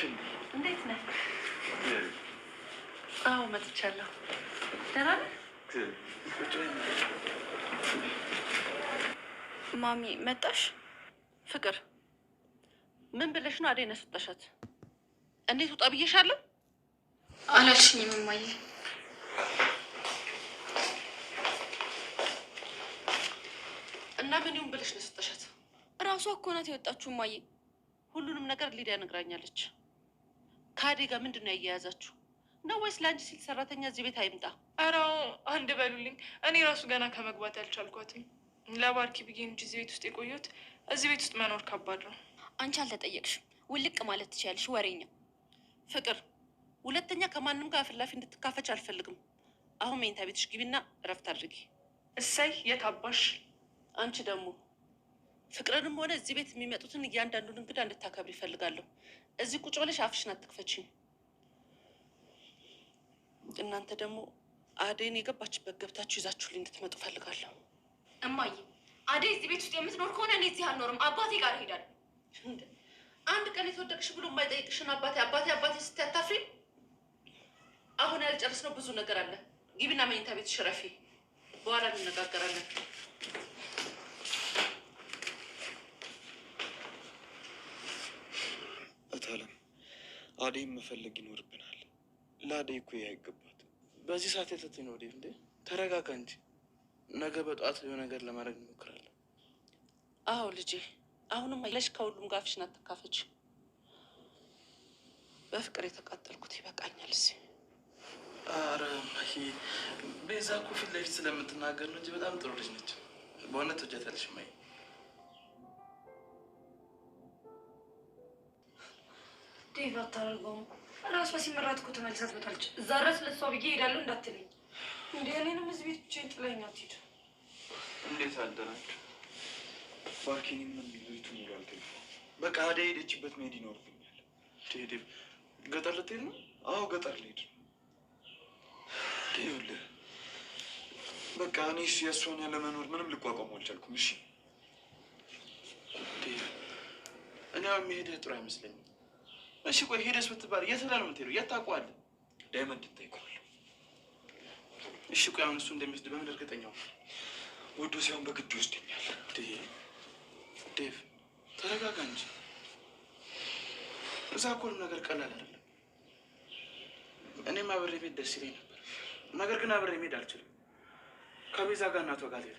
አልጠፋሽም። እንዴት ነህ? አዎ መጥቻለሁ። ደህና ነህ? ማሚ መጣሽ? ፍቅር ምን ብለሽ ነው አደይ ነስጠሻት? እንዴት ውጣ ብዬሻለሁ? አላልሽኝም እማዬ። እና ምን ይሁን ብለሽ ነስጠሻት? እራሷ እኮ ናት የወጣችሁ ሁሉንም ነገር ሊዳ ነግራኛለች። ከአዴ ጋር ምንድን ነው ያያያዛችሁ ነው? ወይስ ለአንቺ ሲል ሰራተኛ እዚህ ቤት አይምጣ? ኧረ አንድ በሉልኝ። እኔ ራሱ ገና ከመግባት ያልቻልኳትም ለባርኪ ብዬ እንጂ እዚህ ቤት ውስጥ የቆየሁት። እዚህ ቤት ውስጥ መኖር ከባድ ነው። አንቺ አልተጠየቅሽም። ውልቅ ማለት ትችያለሽ። ወሬኛ ፍቅር፣ ሁለተኛ ከማንም ጋር ፍላፊ እንድትካፈች አልፈልግም። አሁን መኝታ ቤትሽ ግቢና እረፍት አድርጊ። እሰይ የታባሽ አንቺ ደግሞ ፍቅርንም ሆነ እዚህ ቤት የሚመጡትን እያንዳንዱን እንግዳ እንድታከብር ይፈልጋለሁ። እዚህ ቁጭ ብለሽ አፍሽን አትክፈችኝ። እናንተ ደግሞ አደይን የገባችበት ገብታችሁ ይዛችሁ እንድትመጡ ፈልጋለሁ። እማዬ አደይ እዚህ ቤት ውስጥ የምትኖር ከሆነ እኔ እዚህ አልኖርም፣ አባቴ ጋር ሄዳል አንድ ቀን የተወደቅሽ ብሎ የማይጠይቅሽን አባቴ አባቴ አባቴ ስትያታፍሪ። አሁን ነው ብዙ ነገር አለ። ግቢና መኝታ ቤት ሽረፊ፣ በኋላ እንነጋገራለን። አለም አደይም መፈለግ ይኖርብናል። ለአደይ እኮ ያይገባት በዚህ ሰዓት የተት ነው ወዴት? እንዴ ተረጋጋ እንጂ ነገ በጠዋት የሆነ ነገር ለማድረግ እንሞክራለን። አዎ ልጄ፣ አሁንም አይለሽ ከሁሉም ጋር አፍሽን አታካፈች። በፍቅር የተቃጠልኩት ይበቃኛል። እዚህ አረ ማሂ፣ ቤዛ እኮ ፊት ለፊት ስለምትናገር ነው እንጂ በጣም ጥሩ ልጅ ነች። በእውነት ወጃታለሽ ማይ እንዴት አታደርገውም? ራሷ ሲመራት እኮ ተመልሳ ትመጣለች። እዛ ድረስ ለሷ ብዬ እሄዳለሁ እንዳትለኝ። እንደ እኔንም እዚህ ቤት ብቻዬን ጥላኝ አትሄድ። እንዴት አደራችሁ? ባርኪኒም ቤቱ ሙሉ በቃ አደ ሄደችበት መሄድ ይኖርብኛል። ሄዴ ገጠር ልትሄድ ነው? አዎ ገጠር ልሄድ ነው። በቃ እኔስ የእሷን ያለመኖር ምንም ልቋቋም አልቻልኩም። እሺ እኔ መሄድ ጥሩ አይመስለኝም። እሺ ቆይ ሄደስ ብትባል የት ነው የምትሄደው? የት ታውቀዋለህ? ዳይመንድ ይጠይቀዋል። እሺ ቆይ አሁን እሱ እንደሚወስድ በምን እርግጠኛው? ወዶ ሲሆን በግድ ይወስደኛል። ዴቭ ተረጋጋ እንጂ እዛ ኮል ነገር ቀላል አይደለም። እኔም አብሬ ቤት ደስ ይለኝ ነበር፣ ነገር ግን አብሬ መሄድ አልችልም። ከቤዛ ጋር እናቷ ጋር ልሄድ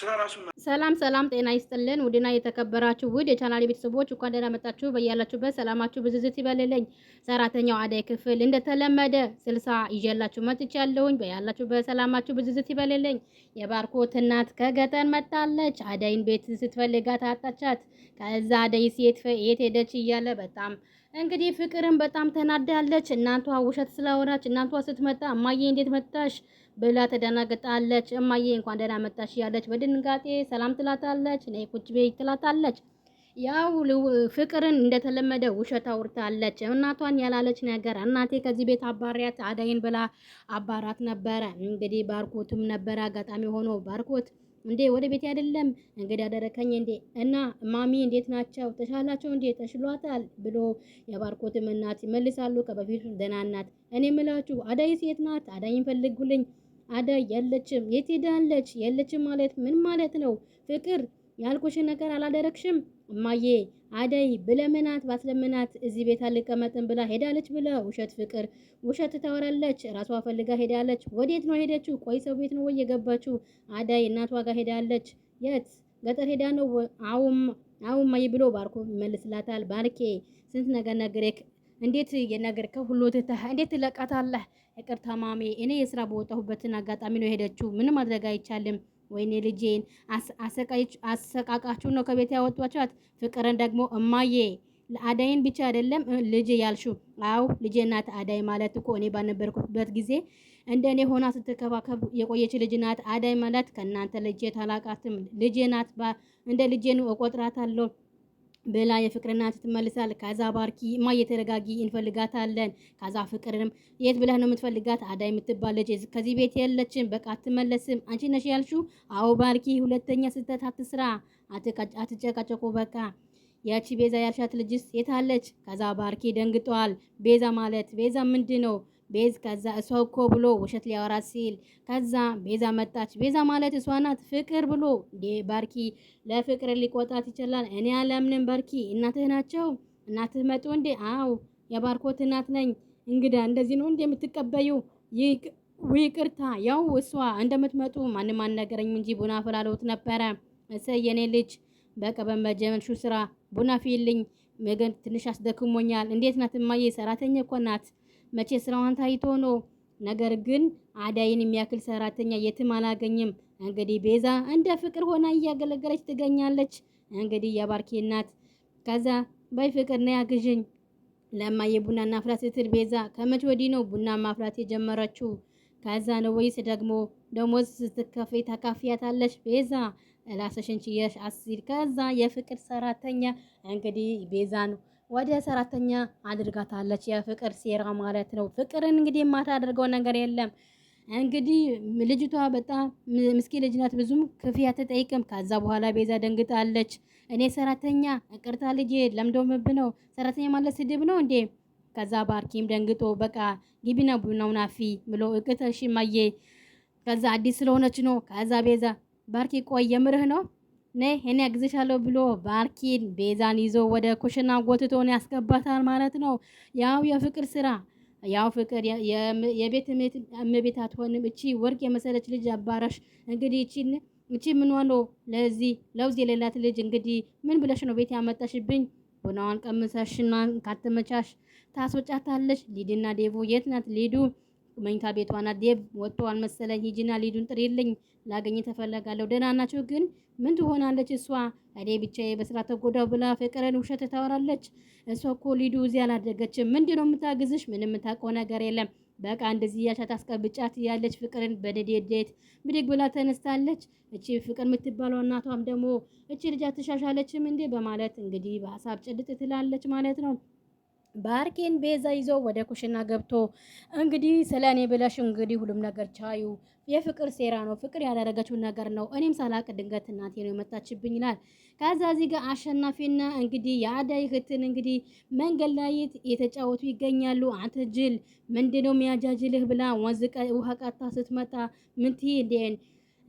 ስራ ራሱ ሰላም ሰላም፣ ጤና ይስጥልን ውድና የተከበራችሁ ውድ የቻናሌ ቤተሰቦች እንኳን ደህና መጣችሁ። በያላችሁበት ሰላማችሁ ብዝዝት ይበልልኝ። ሰራተኛው አደይ ክፍል እንደተለመደ ስልሳ ይዤላችሁ መጥቻለሁኝ። በያላችሁበት ሰላማችሁ ብዝዝት ይበልልኝ። የባርኮት እናት ከገጠር መጣለች። አደይን ቤት ስትፈልጋት አጣቻት። ከዛ አደይ የት ሄደች እያለ በጣም እንግዲህ ፍቅርን በጣም ተናዳለች። እናንቷ ውሸት ስላወራች እናንቷ ስትመጣ እማዬ እንዴት መጣሽ ብላ ተደናግጣለች። እማዬ እንኳን ደህና መጣሽ ያለች በድንጋጤ ሰላም ትላታለች። ነይ ቁጭ በይ ትላታለች። ያው ፍቅርን እንደተለመደ ውሸት አውርታለች። እናቷን ያላለች ነገር እናቴ ከዚህ ቤት አባሪያት አዳይን ብላ አባራት ነበረ። እንግዲህ ባርኮትም ነበረ አጋጣሚ ሆኖ ባርኮት እንዴ ወደ ቤት አይደለም እንግዲህ አደረከኝ እንዴ እና ማሚ እንዴት ናቸው ተሻላቸው እንዴ ተሽሏታል ብሎ የባርኮትም እናት ይመልሳሉ። ከበፊቱ ደህና ናት። እኔ የምላችሁ አዳይስ የት ናት? አዳይን ፈልጉልኝ አዳይ የለችም። የት ሄዳለች? የለችም ማለት ምን ማለት ነው? ፍቅር ያልኩሽን ነገር አላደረግሽም እማዬ አደይ ብለምናት ባስለምናት እዚህ ቤት አልቀመጥም ብላ ሄዳለች ብለ ውሸት ፍቅር ውሸት ታወራለች። ራሷ ፈልጋ ሄዳለች። ወዴት ነው ሄደችው? ቆይ ሰው ቤት ነው ወይ የገባችው? አደይ እናቷ ጋር ሄዳለች። የት ገጠር ሄዳ ነው? አውም አውም ማይ ብሎ ባርኮ ይመልስላታል። ባርኬ ስንት ነገር ነግሬክ እንዴት የነገርከው ሁሉ ትተህ እንዴት ትለቃታለህ? ይቅርታ ማሜ፣ እኔ የስራ በወጣሁበትን አጋጣሚ ነው የሄደችው። ምንም ማድረግ አይቻልም። ወይኔ ልጄን አሰቃቃችሁ ነው ከቤት ያወጧቻት። ፍቅርን ደግሞ እማዬ ለአዳይን ብቻ አይደለም ልጅ ያልሹ። አው ልጄ ናት አዳይ ማለት እኮ እኔ ባነበርኩበት ጊዜ እንደ እኔ ሆና ስትከባከብ የቆየች ልጅ ናት አዳይ ማለት። ከእናንተ ልጄ ታላቃትም ልጄ ናት። እንደ ልጄን እቆጥራታለሁ ብላ የፍቅርና እናት ከዛ ባርኪ እማዬ ተረጋጊ እንፈልጋታለን። ከዛ ፍቅርንም የት ብለህ ነው የምትፈልጋት? አዳይ የምትባል ልጅ ከዚህ ቤት የለችም፣ በቃ አትመለስም። አንቺ ነሽ ያልሹ? አዎ ባርኪ፣ ሁለተኛ ስህተት አትስራ፣ አትጨቃጨቁ፣ በቃ ያቺ ቤዛ ያልሻት ልጅስ የታለች? ከዛ ባርኪ ደንግጧል። ቤዛ ማለት ቤዛ ምንድን ነው? ቤዝ ከዛ እሷ እኮ ብሎ ውሸት ሊያወራት ሲል ከዛ ቤዛ መጣች። ቤዛ ማለት እሷ ናት። ፍቅር ብሎ ባርኪ ለፍቅር ሊቆጣት ይችላል። እኔ አለምንም ባርኪ እናትህ ናቸው። እናትህ መጡ እንዴ? አው የባርኮት እናት ነኝ። እንግዳ እንደዚህ ነው እንዴ የምትቀበዩ? ይቅርታ ያው እሷ እንደምትመጡ ማንም አልነገረኝም እንጂ ቡና አፈላለሁት ነበረ። እሰይ የኔ ልጅ በቃ በመጀመርሹ ስራ ቡና ፊልኝ፣ ምግብ ትንሽ አስደክሞኛል። እንዴት ናት እማዬ? ሰራተኛ እኮ ናት መቼ ስራዋን ታይቶ ነው። ነገር ግን አዳይን የሚያክል ሰራተኛ የትም አላገኝም። እንግዲህ ቤዛ እንደ ፍቅር ሆና እያገለገለች ትገኛለች። እንግዲህ የባርኬ እናት ከዛ በይ ፍቅር ነይ አግዥኝ ለማዬ ቡና እናፍላት ስትል ቤዛ ከመች ወዲህ ነው ቡና ማፍላት የጀመረችው? ከዛ ነው ወይስ ደግሞ ደሞዝ ስትከፍይ ታካፍያታለች? ቤዛ ራስሽን ችየሽ አስይል። ከዛ የፍቅር ሰራተኛ እንግዲህ ቤዛ ነው ወደ ሰራተኛ አድርጋታለች። የፍቅር ሴራ ማለት ነው። ፍቅርን እንግዲህ የማታደርገው ነገር የለም። እንግዲህ ልጅቷ በጣም ምስኪን ልጅ ናት። ብዙም ክፍያ አትጠይቅም። ከዛ በኋላ ቤዛ ደንግጣለች። እኔ ሰራተኛ እቅርታ ልጄ ለምዶምብ ነው። ሰራተኛ ማለት ስድብ ነው እንዴ? ከዛ ባርኪም ደንግጦ በቃ ግቢና ቡናው ናፊ ብሎ እቅተሽ ማዬ ከዛ አዲስ ስለሆነች ነው። ከዛ ቤዛ ባርኪ ቆይ የምርህ ነው ነይ እኔ አግዝሻለሁ ብሎ ባርኪን ቤዛን ይዞ ወደ ኩሽና ጎትቶ ያስገባታል ማለት ነው። ያው የፍቅር ስራ ያው ፍቅር የቤት እመቤት አትሆንም። እቺ ወርቅ የመሰለች ልጅ አባረሽ እንግዲህ እቺን እቺ ምን ሆኖ ለዚህ ለውዝ የሌላት ልጅ እንግዲህ ምን ብለሽ ነው ቤት ያመጣሽብኝ? ቡናዋን ቀምሰሽና ካተመቻሽ ታስወጫታለሽ። ሊድና ዴቡ የት ናት? ሊዱ መኝታ ቤቷ ናት። ዴብ ወጥቷል መሰለኝ። ሂጂና ሊዱን ጥሪልኝ ላገኝ ተፈለጋለሁ። ደህና ናቸው ግን ምን ትሆናለች እሷ? እኔ ብቻዬ በስራ ተጎዳው ብላ ፍቅርን ውሸት ታወራለች። እሷ እኮ ሊዱ እዚህ አላደገችም። ምንድን ነው የምታግዝሽ? ምንም የምታውቀው ነገር የለም። በቃ እንደዚህ እያሻት አስቀብጫት እያለች ፍቅርን በንዴት ብድግ ብላ ተነስታለች። እቺ ፍቅር የምትባለው እናቷም ደግሞ እቺ ልጅ አትሻሻለችም እንዴ በማለት እንግዲህ በሀሳብ ጭልጥ ትላለች ማለት ነው። ባርኬን ቤዛ ይዞ ወደ ኩሽና ገብቶ እንግዲህ ስለ እኔ ብለሽ እንግዲህ ሁሉም ነገር ቻዩ፣ የፍቅር ሴራ ነው፣ ፍቅር ያደረገችው ነገር ነው። እኔም ሳላቅ ድንገት እናቴ ነው የመጣችብኝ ይላል። ከዛ እዚህ ጋር አሸናፊና እንግዲህ የአዳይ እህትን እንግዲህ መንገድ ላይ የተጫወቱ ይገኛሉ። አንተ ጅል ምንድነው የሚያጃጅልህ ብላ ወንዝ ውሃ ቀታ ስትመጣ ምንቲ እንዴን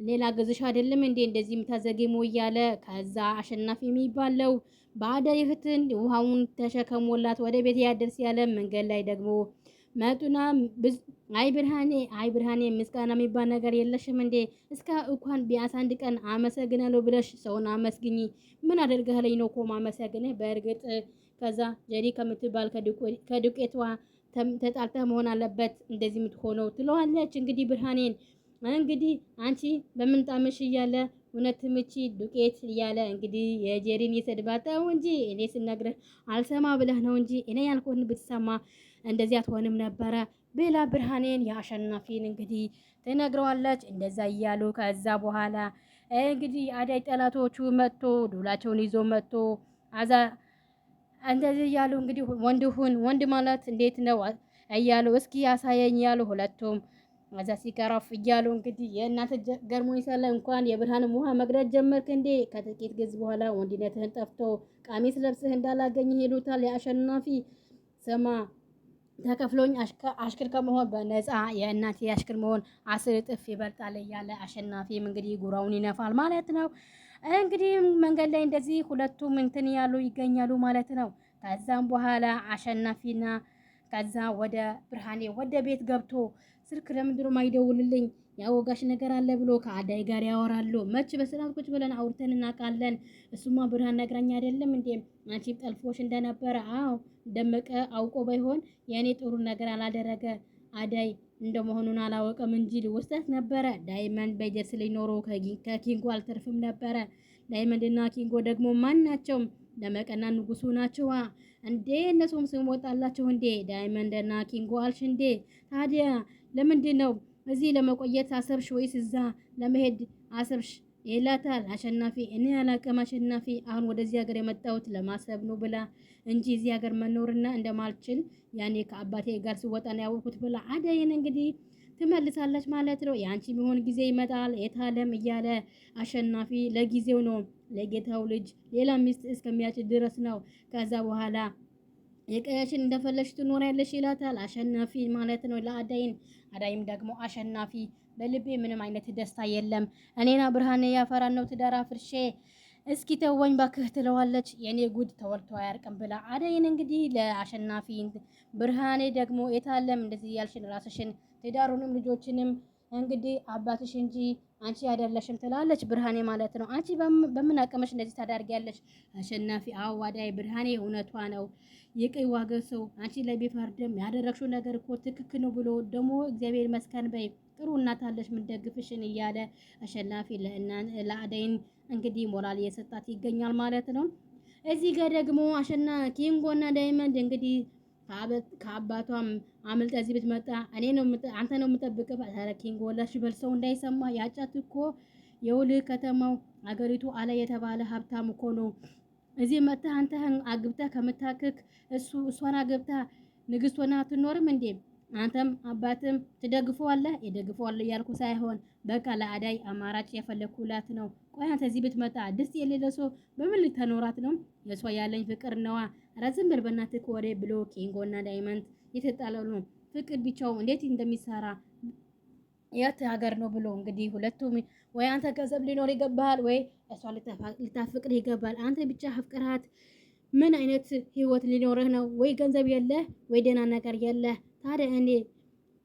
ሌላ ገዝሽ አይደለም እንዴ እንደዚህ የምታዘገመው እያለ ከዛ አሸናፊ የሚባለው በአደይ እህትን ውሃውን ተሸከሞላት ወደ ቤት ያደርስ ያለ መንገድ ላይ ደግሞ መጡና አይ ብርሃኔ አይ ብርሃኔ ምስጋና የሚባል ነገር የለሽም እንዴ? እስከ እንኳን ቢያንስ አንድ ቀን አመሰግናለሁ ብለሽ ሰውን አመስግኝ። ምን አደርግህለኝ ነው እኮ ማመሰግንህ? በእርግጥ ከዛ ጀሪ ከምትባል ከዱቄቷ ተጣልተ መሆን አለበት እንደዚህ የምትሆነው ትለዋለች። እንግዲህ ብርሃኔን እንግዲህ አንቺ በምንጣምሽ እያለ እውነትም ምቺ ዱቄት እያለ እንግዲህ የጀሪን የሰድባት ነው እንጂ እኔ ስነግርህ አልሰማ ብለህ ነው እንጂ እኔ ያልኩህን ብትሰማ እንደዚህ አትሆንም ነበረ ብላ ብርሃኔን የአሸናፊን እንግዲህ ትነግረዋለች። እንደዛ እያሉ ከዛ በኋላ እንግዲህ አዳይ ጠላቶቹ መጥቶ ዱላቸውን ይዞ መጥቶ አዛ እንደዚህ እያሉ እንግዲህ ወንድሁን ወንድ ማለት እንዴት ነው እያሉ እስኪ ያሳየኝ ያሉ ሁለቱም እዛ ሲቀራፍ እያሉ እንግዲህ የእናት ገርሞኝ ይሰለ እንኳን የብርሃን ውሃ መቅዳት ጀመርክ እንዴ? ከጥቂት ጊዜ በኋላ ወንድነትህን ጠፍቶ ቀሚስ ለብስህ እንዳላገኝ ይሄዱታል። የአሸናፊ ስማ ተከፍሎኝ አሽክር ከመሆን በነፃ የእናቴ አሽክር መሆን አስር እጥፍ ይበልጣል እያለ አሸናፊም እንግዲህ ጉራውን ይነፋል ማለት ነው። እንግዲህ መንገድ ላይ እንደዚህ ሁለቱም እንትን ያሉ ይገኛሉ ማለት ነው። ከዛም በኋላ አሸናፊና ከዛ ወደ ብርሃኔ ወደ ቤት ገብቶ ስልክ ለምንድነው ማይደውልልኝ? ያወጋሽ ነገር አለ ብሎ ከአዳይ ጋር ያወራሉ። መች በስርዓት ቁጭ ብለን አውርተን እናውቃለን። እሱማ ብርሃን ነግራኝ አይደለም እንዴ አንቺ ጠልፎሽ እንደነበረ? አዎ ደመቀ አውቆ ባይሆን የእኔ ጥሩ ነገር አላደረገ አዳይ እንደመሆኑን አላወቀም እንጂ ውስጠት ነበረ። ዳይመንድ በጀት ሊኖሮ ከኪንጎ አልተርፍም ነበረ። ዳይመንድ እና ኪንጎ ደግሞ ማን ናቸው? ደመቀና ንጉሱ ናቸዋ እንዴ? እነሱም ስም ወጣላቸው እንዴ? ዳይመንድ እና ኪንጎ አልሽ እንዴ ታዲያ ለምንድን ነው እዚህ ለመቆየት አሰብሽ ወይስ እዛ ለመሄድ አሰብሽ? ይላታል አሸናፊ። እኔ አላቅም አሸናፊ፣ አሁን ወደዚህ ሀገር የመጣሁት ለማሰብ ነው ብላ እንጂ እዚህ ሀገር መኖርና እንደማልችል ያኔ ከአባቴ ጋር ስወጣ ነው ያወቅኩት ብላ አደይን እንግዲህ ትመልሳለች ማለት ነው። የአንቺ የሚሆን ጊዜ ይመጣል የታለም እያለ አሸናፊ ለጊዜው ነው ለጌታው ልጅ ሌላ ሚስት እስከሚያጭ ድረስ ነው። ከዛ በኋላ የቀያችን እንደፈለሽ ትኖሪያለሽ ይላታል። አሸናፊ ማለት ነው ለአዳይን፣ አዳይም ደግሞ አሸናፊ። በልቤ ምንም አይነት ደስታ የለም፣ እኔና ብርሃን ያፈራን ነው ትዳር አፍርሼ እስኪ ተወኝ ባክህ ትለዋለች። የኔ ጉድ ተወልቶ አያርቅም ብላ አደይን እንግዲህ ለአሸናፊ ብርሃኔ ደግሞ የታለም እንደዚህ ያልሽን ራስሽን ትዳሩንም ልጆችንም እንግዲህ አባትሽ እንጂ አንቺ አይደለሽም ትላለች ብርሃኔ ማለት ነው። አንቺ በምን አቅመሽ እንደዚህ ታዳርጊያለሽ? አሸናፊ አዋዳይ ብርሃኔ እውነቷ ነው። የቀይ ዋገ ሰው አንቺ ለቢፈርድም ያደረግሽው ነገር እኮ ትክክል ነው ብሎ ደግሞ እግዚአብሔር መስከን በይ ጥሩ እናታለች ምንደግፍሽን እያለ አሸናፊ ለአደይን እንግዲህ ሞራል እየሰጣት ይገኛል ማለት ነው። እዚህ ጋር ደግሞ አሸና ኪንጎና ዳይመንድ እንግዲህ ከአባቷ አምልጠ እዚህ ብትመጣ እኔ አንተ ነው የምጠብቅህ። ተረኪን ወላሽ በል ሰው እንዳይሰማ ያጫት እኮ የውልህ ከተማው አገሪቱ አለ የተባለ ሀብታም እኮ ነው። እዚህ መጥተህ አንተህን አግብተህ ከምታክክ እሱ እሷን አግብተህ ንግስት ሆና አትኖርም እንዴ? አንተም አባትም ትደግፈዋለህ የደግፈዋለህ እያልኩ ሳይሆን በቃ ለአዳይ አማራጭ የፈለኩላት ነው። ቆይ አንተ እዚህ ብትመጣ ድስት የሌለው ሰው በምን ልታኖራት ነው? የሷ ያለኝ ፍቅር ነዋ። ረዝም ብል በእናትህ ወሬ ብሎ ኪንጎና ዳይመንድ የተጣለው ነው። ፍቅር ብቻው እንዴት እንደሚሰራ የት ሀገር ነው ብሎ እንግዲህ ሁለቱም ወይ አንተ ገንዘብ ሊኖር ይገባሃል፣ ወይ እሷ ልታፈቅር ይገባል። አንተ ብቻ አፍቅርሃት ምን አይነት ህይወት ሊኖርህ ነው? ወይ ገንዘብ የለህ ወይ ደህና ነገር የለህ። ታዲያ እኔ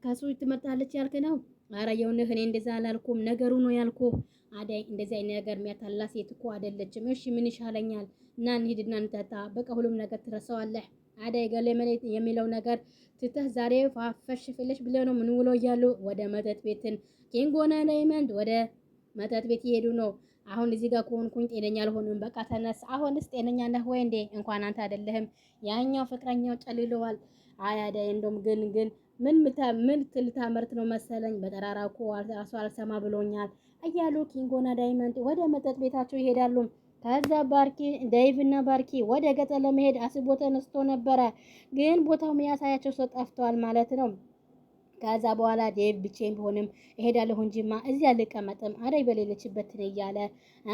ከሱ ትመርጣለች ያልክ ነው? አረ የውንህ እኔ እንደዛ አላልኩም፣ ነገሩ ነው ያልኩ። አዳይ እንደዚህ አይነት ነገር የሚያታላ ሴት እኮ አይደለችም። እሺ ምን ይሻለኛል? እና እንሂድና እንጠጣ፣ በቃ ሁሉም ነገር ትረሳዋለህ። አዳይ ገሌ የሚለው ነገር ትተህ ዛሬ ፋፈሽ ፍለሽ ብለው ነው ምን ውለው እያሉ ወደ መጠጥ ቤትን ኪንጎና ዳይመንድ ወደ መጠጥ ቤት ይሄዱ ነው አሁን እዚህ ጋር ከሆንኩኝ ጤነኛ አልሆንም። በቃ ተነስ። አሁንስ ጤነኛ ነህ ወይ እንዴ? እንኳን አንተ አይደለህም ያኛው ፍቅረኛው ጨልለዋል። አያዳይ እንደውም ግን ግን ምን ምን ልታመርት ነው መሰለኝ በጠራራ እኮ ራሱ አልሰማ ብሎኛል እያሉ ኪንጎና ዳይመንድ ወደ መጠጥ ቤታቸው ይሄዳሉ። ከዛ ባርኪ ዳይቭና ባርኪ ወደ ገጠር ለመሄድ አስቦ ተነስቶ ነበረ፣ ግን ቦታው የሚያሳያቸው ሰው ጠፍቷል ማለት ነው። ከዛ በኋላ ዴቭ ብቼን ቢሆንም እሄዳለሁ እንጂማ እዚህ አልቀመጥም፣ አደይ በሌለችበት ነው እያለ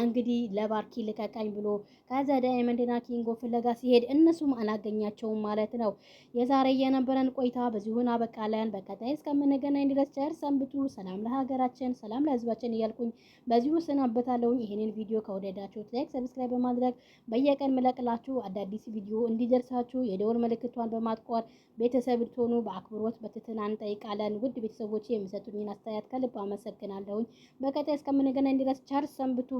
እንግዲህ ለባርኪ ልቀቃኝ ብሎ ከዛ ዳይመንድና ኪንጎ ፍለጋ ሲሄድ እነሱም አላገኛቸውም ማለት ነው። የዛሬ የነበረን ቆይታ በዚሁን አበቃለን። በቀጣይ እስከምንገናኝ ድረስ ቸር ሰንብቱ። ሰላም ለሀገራችን፣ ሰላም ለህዝባችን እያልኩኝ በዚሁ እሰናበታለሁ። ይህንን ቪዲዮ ከወደዳችሁት ላይክ፣ ሰብስክራይብ በማድረግ በየቀን ምለቅላችሁ አዳዲስ ቪዲዮ እንዲደርሳችሁ የደወል ምልክቷን በማጥቆር ቤተሰብ ልትሆኑ በአክብሮት በትህትና እንጠይቃለን። ይባላል። ውድ ቤተሰቦች የምሰጡኝን አስተያየት ከልብ አመሰግናለሁኝ። በቀጣይ እስከምንገናኝ ድረስ ቸር ሰንብቱ።